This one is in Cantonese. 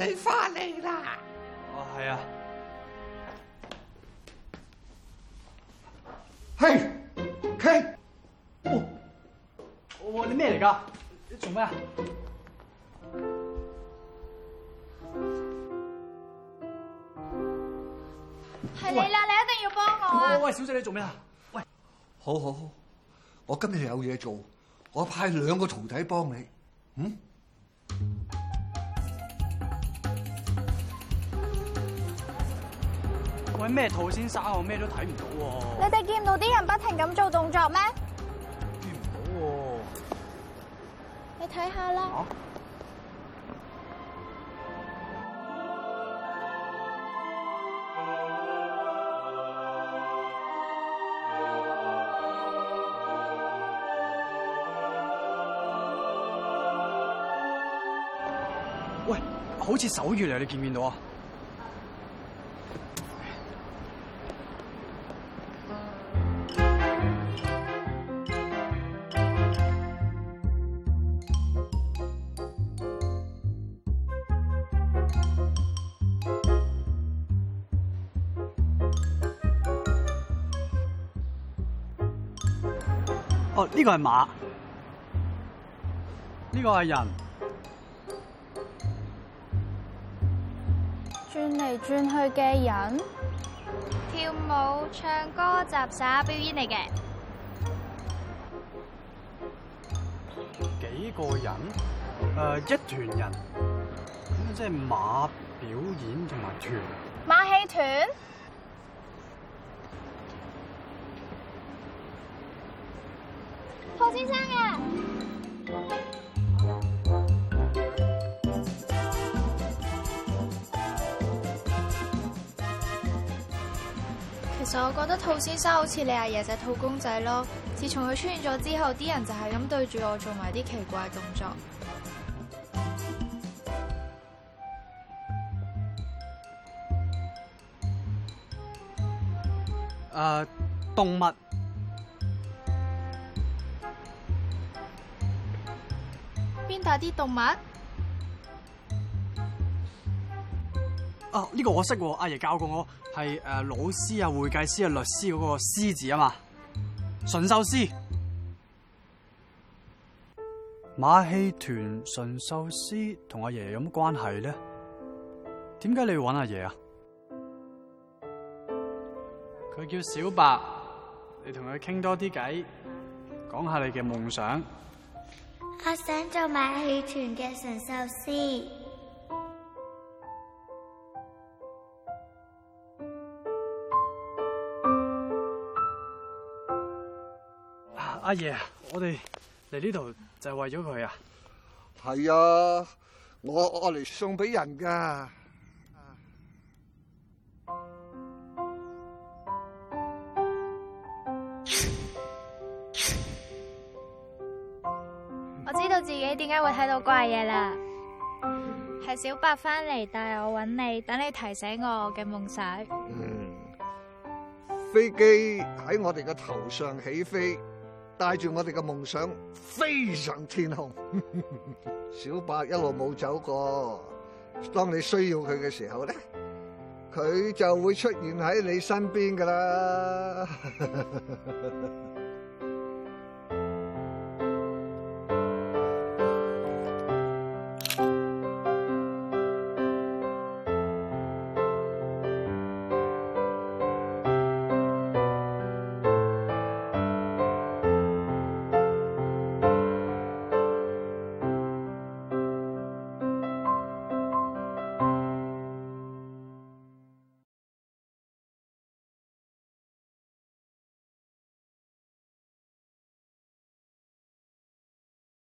你翻嚟啦！哦，係啊！嘿，hey，Ken，哦，我你咩嚟㗎？你做咩啊？係你啦！你一定要幫我啊！喂，小姐，你做咩啊？喂，好好好，我今日有嘢做，我派兩個徒弟幫你。嗯？喂，咩兔先生？我咩都睇唔到喎、啊。你哋見到啲人不停咁做動作咩？見唔到喎、啊。你睇下啦。喂，好似手語嚟，你見唔見到啊？哦，呢、這個係馬，呢、這個係人，轉嚟轉去嘅人，跳舞、唱歌、雜耍表演嚟嘅。幾個人？誒、呃，一團人，即係馬表演同埋團馬戲團。兔先生啊！其實我覺得兔先生好似你阿爺仔，兔公仔咯。自從佢出現咗之後，啲人就係咁對住我做埋啲奇怪嘅動作。誒、uh，動物。鞭打啲動物？啊，呢、這個我識，阿爺教過我係誒、呃，老師啊，會計師啊，律師嗰個師字啊嘛，馴獸師。馬戲團馴獸師同阿爺有乜關係咧？點解你要搵阿爺啊？佢叫小白，你同佢傾多啲偈，講下你嘅夢想。我想做馬戲團嘅神獸師。阿、啊、爺，我哋嚟呢度就係為咗佢啊！係啊，我我嚟送俾人噶。自己點解會睇到怪嘢啦？係小白翻嚟帶我揾你，等你提醒我嘅夢想。嗯，飛機喺我哋嘅頭上起飛，帶住我哋嘅夢想飛上天空。小白一路冇走過，當你需要佢嘅時候咧，佢就會出現喺你身邊噶啦。